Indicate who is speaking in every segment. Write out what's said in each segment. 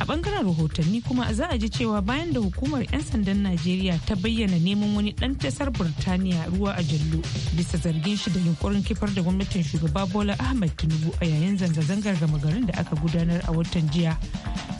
Speaker 1: a bangaren rahotanni kuma za a ji cewa bayan da hukumar 'yan sandan najeriya ta bayyana neman wani ɗan tasar burtaniya ruwa a jallo bisa zargin shi da yunkurin kifar da gwamnatin shugaba bola ahmed tinubu a yayin zanga-zangar gama garin da aka gudanar a watan jiya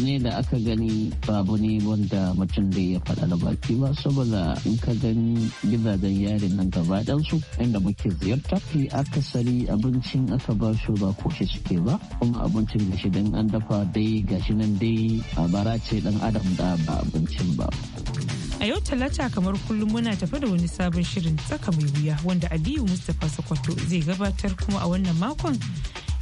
Speaker 2: ne da aka
Speaker 3: gani babu ne wanda mutum da ya faɗa da baki ba saboda in ka gani gidajen yarin nan gaba su inda muke ziyarta fi akasari abincin aka ba
Speaker 4: su ba koshi suke ba kuma abincin da shi dan an dafa dai gashi nan dai a bara ce dan adam da ba abincin ba.
Speaker 1: A yau talata kamar kullum muna tafi da wani sabon shirin tsaka mai wuya wanda Aliyu Mustapha Sokoto zai gabatar kuma a wannan makon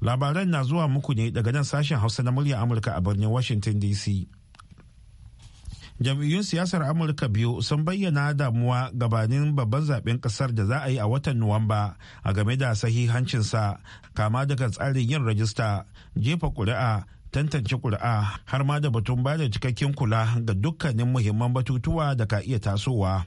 Speaker 3: labaran na zuwa muku ne daga nan sashen hausa na murya amurka a birnin washington dc jam'iyyun siyasar amurka biyu sun bayyana damuwa gabanin babban zaben kasar da za a yi a watan nuwamba a game da sahihancinsa kama daga tsarin yin rajista jefa ƙuri'a tantance ƙuri'a har ma da batun bada cikakken kula ga dukkanin muhimman batutuwa da ka iya tasowa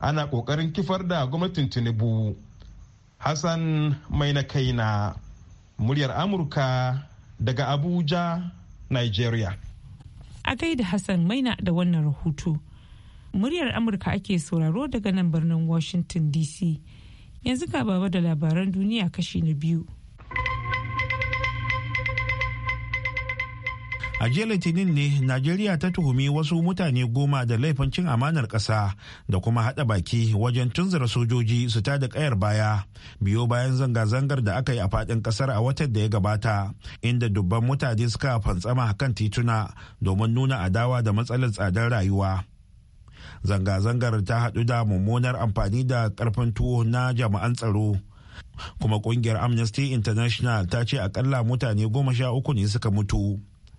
Speaker 5: ana ƙoƙarin kifar da gwamnatin tinubu hassan mai na kaina muryar amurka daga abuja nigeria
Speaker 1: a gaida hassan maina da wannan rahoto muryar amurka ake sauraro daga nan birnin washington dc yanzu ga baba da labaran duniya kashi na biyu
Speaker 3: a jiya litinin ne najeriya ta tuhumi wasu mutane goma da laifin cin amanar ƙasa da kuma haɗa baki wajen tunzura sojoji su tada ƙayar baya biyo bayan zanga-zangar da aka yi a faɗin ƙasar a watan da ya gabata inda dubban mutane suka fantsama kan tituna domin nuna adawa da matsalar tsadar rayuwa zanga-zangar ta haɗu da mummunar amfani da ƙarfin tuwo na jami'an tsaro kuma ƙungiyar amnesty international ta ce akalla mutane goma sha uku ne suka mutu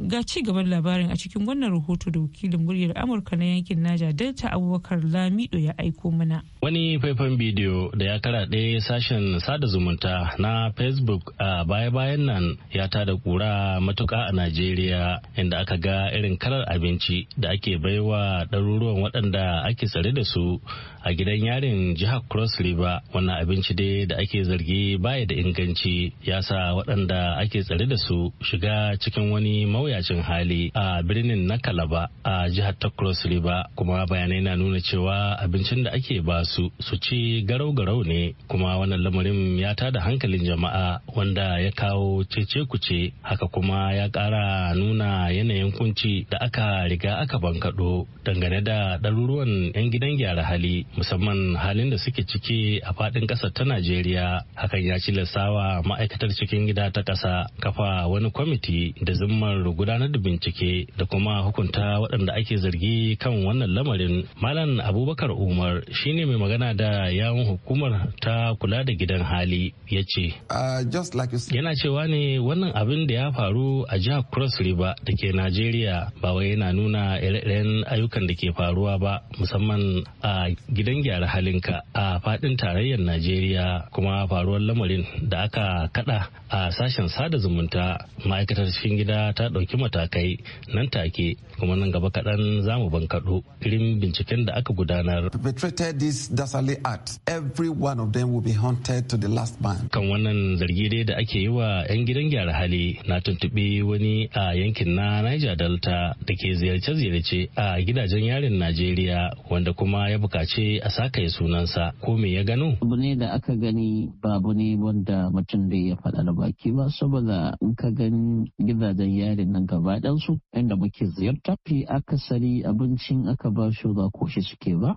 Speaker 1: ga ci gaban labarin a cikin wannan rahoto da wakilin muryar amurka na yankin naja delta abubakar lamido ya aiko mana
Speaker 4: wani faifan bidiyo da ya kara ɗaya sashen sada zumunta na facebook a baya-bayan nan ya tada kura matuka a najeriya inda aka ga irin kalar abinci da ake baiwa ɗaruruwan waɗanda ake tsare da su a gidan yarin jihar cross river wannan abinci dai da ake zargi baya da inganci ya sa waɗanda ake tsare da su shiga cikin wani mawuyacin hali a birnin na kalaba a jihar ta cross river kuma bayanai na nuna cewa abincin da ake ba su su ci garau-garau ne kuma wannan lamarin ya tada hankalin jama'a wanda ya kawo cece kuce haka kuma ya ƙara nuna yanayin kunci da aka riga aka bankaɗo dangane da ɗaruruwan 'yan gidan gyara hali musamman halin da suke ciki a fadin kasar ta Najeriya hakan ya lasawa ma'aikatar cikin gida ta kasa kafa wani kwamiti da zimmar gudanar da bincike da kuma hukunta waɗanda ake zargi kan wannan lamarin Malam Abubakar Umar shine mai magana da yawun hukumar ta kula da gidan hali ya ce uh, yana cewa ne wannan abin da ya faru a jihar Cross River da ke Najeriya ba wai yana nuna ire-iren ayyukan da ke faruwa ba musamman a gidan gyara halinka a fadin tarayyar najeriya kuma faruwar lamarin da aka kada a sashen sada zumunta ma'aikatar cikin gida ta ɗauki matakai nan take kuma nan gaba kaɗan za mu bankaɗo irin binciken da aka gudanar kan wannan zargi dai da ake yi wa 'yan gidan gyara hali na tuntuɓi wani a yankin na niger delta da ke ziyarce-ziyarce a gidajen yarin najeriya wanda kuma ya bukaci a a ya sunansa ko me ya gano? Abu ne da aka gani babu ne wanda mutum da ya faɗa da baki ba saboda in ka gani gidajen yarin nan gaba ɗansu inda muke ziyarta fi akasari abincin aka ba shi ba ko shi suke ba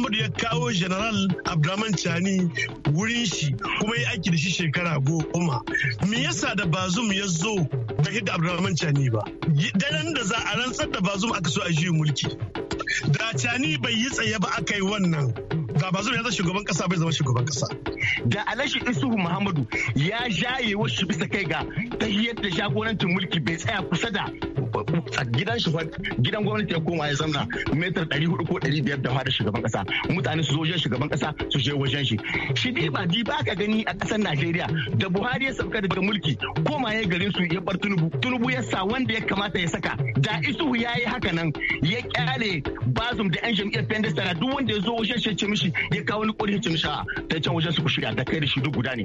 Speaker 6: Muhammadu ya kawo General Abdulrahman Chani wurin shi kuma ya aiki da shi shekara goma. Me yasa da Bazum ya zo da hidda Abdulrahman Chani ba? Daren da za a rantsar da Bazum aka so a juyin mulki. Da Chani bai yi tsaye ba aka yi wannan. da ba ya zama shugaban kasa bai zama shugaban kasa. Da Alashi Isuhu Muhammadu ya jaye wasu bisa kai ga tahiyar da
Speaker 7: jagorancin mulki bai tsaya kusa da a gidan shi gidan gwamnati ya koma ya zamna metar 400 ko 500 da fara shugaban kasa mutane su zo wajen shugaban kasa su je wajen shi shi dai ba ba ka gani a kasar Najeriya da Buhari ya sauka daga mulki koma ya garin su ya bar Tunubu Tunubu ya sa wanda ya kamata ya saka da Isuhu ya yi haka nan ya kyale bazum da yan jam'iyyar PNDS tara duk wanda ya zo wajen shi ya ce mishi ya kawo ni kuri ya ce mishi ta can wajen su ku shirya da kai da shi duk guda ne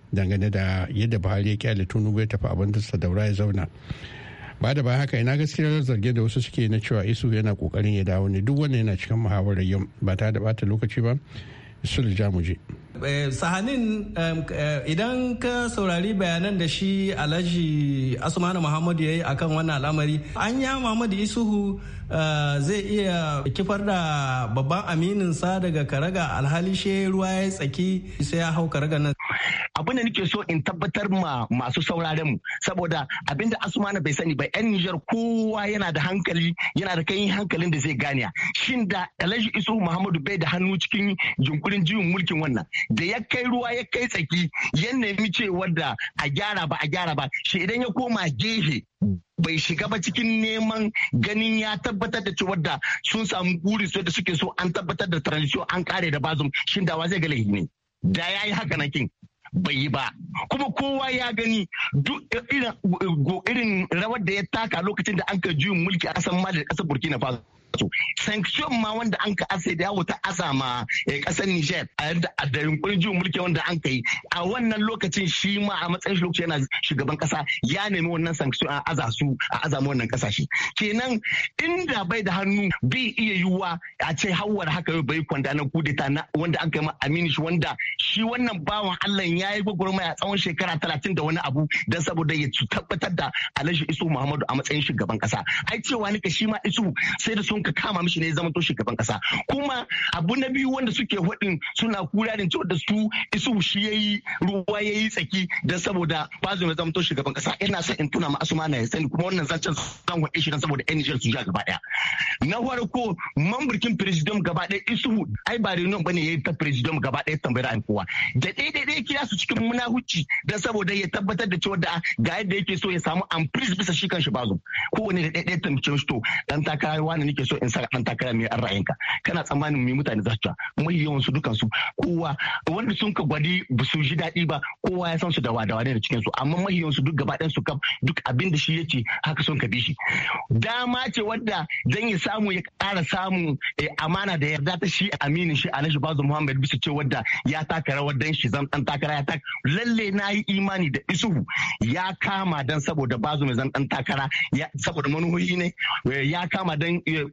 Speaker 2: dangane da yadda buhari ya kyale tunubu ya tafi abin da daura ya zauna ba da ba haka ina gaskiyar zarge da wasu suke na cewa isu yana kokarin ya dawo ne duk wanda yana cikin muhawarar yau ba ta da bata lokaci ba da jamuje
Speaker 8: eh, sahanin eh, idan ka saurari bayanan da shi alhaji asmanu muhammadu ya yi akan wannan al'amari an yi muhammadu isuhu Eh, zai iya kifar da babban aminin sa daga karaga alhali she ruwa ya tsaki sai ya hau karaga nan abin da nake
Speaker 7: so in tabbatar ma masu sauraren mu saboda abinda asumana bai sani ba yan Nijar kowa yana da hankali yana da kai hankalin da zai gane shin da Alhaji Isu Muhammadu bai da hannu cikin jinkurin jiwon mulkin wannan da ya kai ruwa ya kai tsaki yan nemi cewa da a gyara ba a gyara ba shi idan ya koma gehe bai shiga ba cikin neman ganin ya tabbatar da cewa da sun samu guri su da suke so an tabbatar da transition an kare da bazum shin da zai ga lahini da ya yi haka nakin bai yi ba kuma kowa ya gani duk irin rawar da ya taka lokacin da an ka juyin mulki a kasan mali da kasar burkina faso sanction ma wanda an ka asa da yawo ta asa ma eh, kasar Niger a yadda a da yunkurin jin mulki wanda an kai a wannan lokacin shi ma a matsayin shi lokacin yana shugaban kasa ya nemi wannan sanction a aza a aza wannan kasashe kenan inda bai da hannu bi iya yiwuwa a ce hawar haka yau bai kwanda na kudeta na wanda an kai ma Aminu shi wanda shi wannan bawan Allah ya yi gwagwarmaya tsawon shekara talatin da wani abu don saboda ya tabbatar da Alhaji Isu Muhammadu a matsayin shugaban kasa ai cewa nika shi ma Isu sai da sun ka kama mishi ne zama to shugaban kasa kuma abu na biyu wanda suke hudin suna kura da cewa da su isu shi yayi ruwa yayi tsaki da saboda bazo ya zama to shugaban kasa ina son in tuna ma asuma na sani kuma wannan zancen zan hade shi dan saboda NGL su ja gaba daya na farko mamburkin president gaba daya isu ai ba reunion bane yayi ta president gaba daya tambayar an kowa da daidai dai kira su cikin munahuci da saboda ya tabbatar da cewa da ga yadda yake so ya samu amprise bisa shi kan kanshi bazo kowane da daidai tambaye shi to dan takarawa ne nake so in sa dan takara mai ra'ayinka kana tsammanin mai mutane za su ta mai yawan su dukan kowa wanda sun ka gwadi ba su ji daɗi ba kowa ya san su da wadawa ne da cikin su amma mai yawan su duk gaba su kam duk abin da shi yace haka sun ka bi shi dama ce wadda zan ya samu ya ƙara samu eh, amana da yarda ta shi aminin shi Alhaji bazu Muhammad bisa ce wadda ya taka rawar dan shi zan dan takara ya taka lalle na yi imani da isuhu ya kama dan saboda bazu mai zan dan takara saboda manuhoyi ne eh, ya kama dan eh,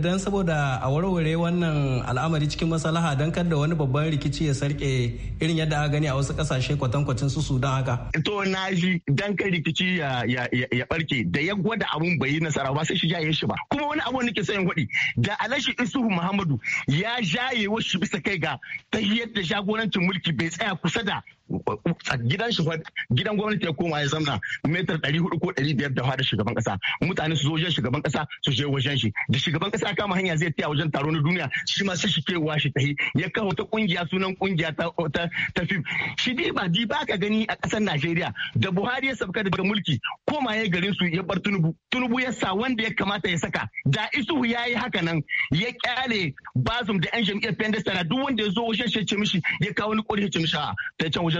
Speaker 8: don saboda a warware wannan al'amari cikin masalaha don kada wani babban rikici ya sarke irin yadda aka gani a wasu kasashe kwatankwacin su sudan haka. to na ji dan kan rikici ya barke da ya gwada abun bai nasara ba
Speaker 7: sai shi jaye shi ba kuma wani abu nake sayan kuɗi da alashi isuhu muhammadu ya jaye wasu bisa kai ga ta da jagorancin mulki bai tsaya kusa da a gidan shi gidan gwamnati ya koma ya zamna metar 400 ko biyar da fada shugaban kasa mutane su zo wajen shugaban kasa su je wajen shi da shugaban kasa kama hanya zai taya wajen taro na duniya shi ma sai shi kewa shi tahi ya kawo ta kungiya sunan kungiya ta ta fim shi dai ba di baka gani a kasar Najeriya da Buhari ya sabka daga mulki koma ya garin su ya bar Tunubu Tunubu ya sa wanda ya kamata ya saka da Isuhu yayi haka nan ya kyale Bazum da yan jam'iyyar Pendestana duk wanda ya zo wajen shi ya ce mishi ya kawo ni kori ya ce mishi ta can wajen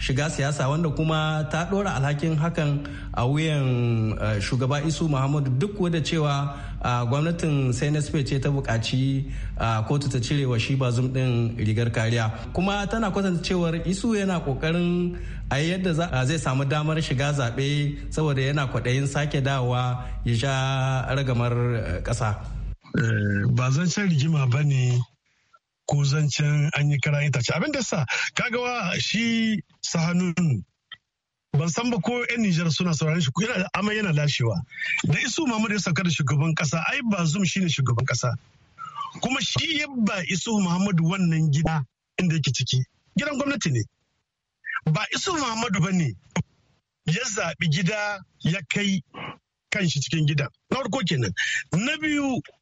Speaker 8: shiga siyasa wanda kuma ta ɗora alhakin hakan a wuyan eh, shugaba isu muhammadu duk da cewa ah, gwamnatin cnsp ce ta buƙaci ah, kotu ta cire wa shi bazum ɗin rigar kariya kuma tana kwatanta cewar isu yana kokarin a yadda ah, zai samu damar shiga zaɓe saboda yana kwaɗayin sake dawowa ya sha ragamar eh, ƙasa.
Speaker 6: Eh, ba zan rigima ba ne ko zancen an yi kira itace abin da sa kagawa shi sahanun ban san ba ko yan Nijar suna sauraron shi yana amma yana lashewa da isu Muhammadu ya sauka da shugaban kasa ai ba zum shine shugaban kasa kuma shi ya ba isu Muhammadu wannan gida inda yake ciki gidan gwamnati ne ba isu Muhammadu ne ya zaɓi gida ya kai kan shi cikin gida na farko kenan na biyu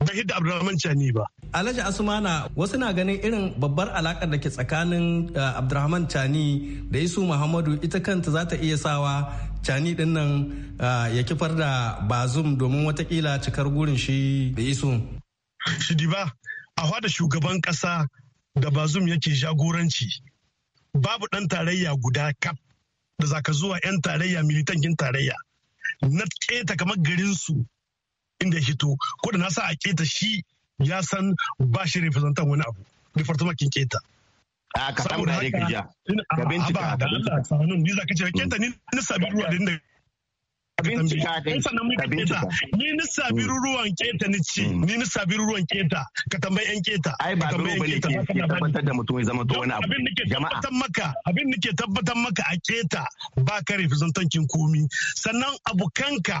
Speaker 8: ban hidda chani ba alhaji asumana wasu na ganin irin babbar alakar da ke tsakanin eh, abdurrahman chani da isu muhammadu ita kanta za ta iya sawa cani din nan eh, ya kifar da bazum domin watakila cikar gurin shi da isu shidi ba a hada shugaban kasa da bazum yake jagoranci babu
Speaker 6: ɗan tarayya guda kap da zaka zuwa 'yan tarayya militankin tarayya na keta kamar garinsu inda ya hito ko da na sa a keta shi ya san ba shi representan wani abu department kin keta a ka samu da ka ja ka bincika da Allah sanun ni za ka ce keta mm. ni ni sabi ruwa din da ka bincika kai sannan muka ni ni sabi mm. ruwan keta ni ci mm. ni ni sabi ruwan keta ka tambayi yan keta ai ba dole bane ke tabbatar da mutum ya zama to wani abu jama'a abin maka abin nake tabbatar maka a keta ba ka representan kin komi sannan abukanka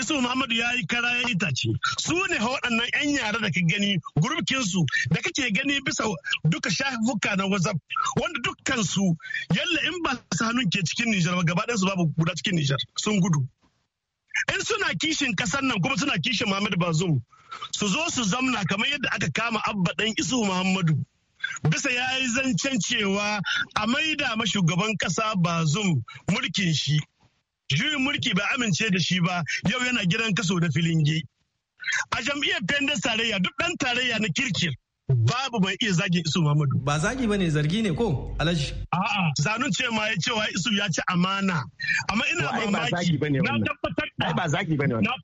Speaker 6: Isu Muhammadu ya yi kara ya itace su ne waɗannan 'yan yara da ka gani gurbikinsu da kake gani bisa duka shafuka na WhatsApp wanda dukkansu yalla in ba su hannun ke cikin Nijar ba gaba su babu guda cikin Nijar sun gudu. In suna kishin ƙasar nan kuma suna kishin Muhammadu Bazum su zo su zamna kamar yadda aka kama abba ɗan Isu Muhammadu. bisa ya yi zancen cewa a maida shugaban ƙasa bazum mulkin shi juyin mulki bai amince da shi ba yau yana gidan kaso da filingi a jam'iyyar pendas tarayya duk dan tarayya na kirkir babu mai iya zagin isu Muhammadu. Ba zagi ba ne zargi ne ko alaji. A'a zanun ce ma ya cewa isu ya ci amana.
Speaker 8: Amma ina mamaki na tabbatar da. ba zagi ba ne wannan.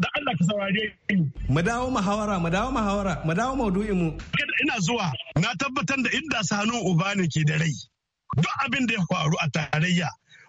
Speaker 6: da Allah ka saurare ni.
Speaker 8: Mu dawo muhawara mu dawo muhawara mu dawo maudu'in mu. Ina
Speaker 6: zuwa na tabbatar da inda sanu uba ne ke da rai. Duk abin da ya faru a tarayya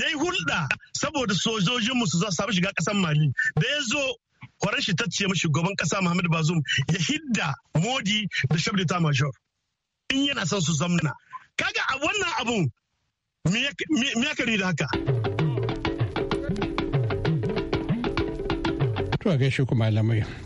Speaker 6: ya yi hulɗa saboda sojojinmu su za su shiga ƙasar mali da ya zo kwaran shi tacciye mashi gaban ƙasa muhammadu bazum ya hidda modi da shabda ta major in yana son su zamna kaga a wannan abun me ya da haka
Speaker 2: to a gaishe kuma malamai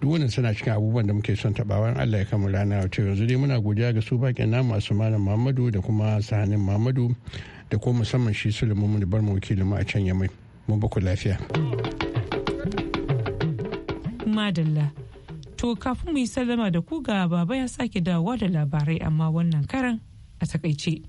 Speaker 2: duk wannan suna cikin abubuwan da muke son tabawan Allah ya kama rana wato yanzu dai muna godiya ga su bakin namu masu malam Muhammadu da kuma sahanin Muhammadu da kuma musamman shi Sulaiman mu da bar mu wakilin mu a can Yamai mun baku lafiya
Speaker 1: madalla to kafin mu yi sallama da ku ga baba ya sake dawowa da labarai amma wannan karan a takaice.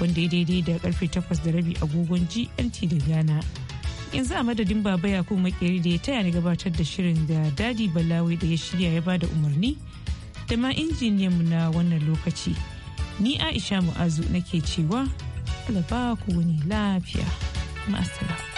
Speaker 1: wanda ya daidai da karfe takwas da rabi agogon gmt da ghana yanzu a madadin baba ya kuma makeri da ya taya ni gabatar da shirin da dadi balawi da ya shirya ya bada umarni da ma mu na wannan lokaci ni aisha mu'azu nake cewa alaba ku wani lafiya ma'asala